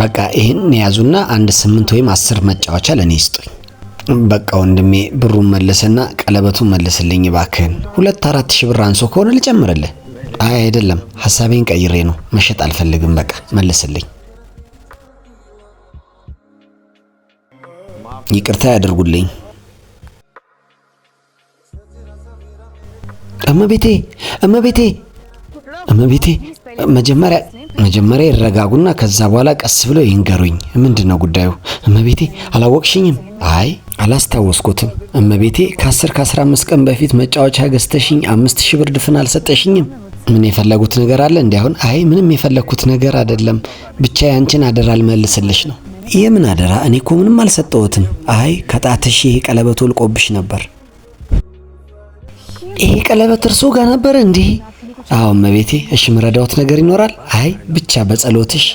በቃ ይህን የያዙና አንድ ስምንት ወይም አስር መጫወቻ ለእኔ ይስጡኝ። በቃ ወንድሜ ብሩን መልስና ቀለበቱን መልስልኝ ባክህን። ሁለት አራት ሺህ ብር አንሶ ከሆነ ልጨምርልህ። አይ አይደለም፣ ሀሳቤን ቀይሬ ነው። መሸጥ አልፈልግም። በቃ መልስልኝ። ይቅርታ ያደርጉልኝ እመቤቴ፣ እመቤቴ፣ እመቤቴ መጀመሪያ መጀመሪያ ይረጋጉና ከዛ በኋላ ቀስ ብለው ይንገሩኝ። ምንድን ነው ጉዳዩ? እመቤቴ አላወቅሽኝም? አይ አላስታወስኩትም እመቤቴ። ከአስር ከአስራ አምስት ቀን በፊት መጫወቻ ገዝተሽኝ አምስት ሺህ ብር ድፍን አልሰጠሽኝም። ምን የፈለጉት ነገር አለ እንዲ? አሁን አይ ምንም የፈለግኩት ነገር አይደለም፣ ብቻ ያንቺን አደራ ልመልስልሽ ነው። የምን አደራ? እኔ እኮ ምንም አልሰጠሁትም። አይ ከጣትሽ ይሄ ቀለበት ወልቆብሽ ነበር። ይሄ ቀለበት እርሶ ጋር ነበር እንዲህ አሁን ቤቴ እሺ ምረዳውት ነገር ይኖራል? አይ ብቻ በጸሎትሽ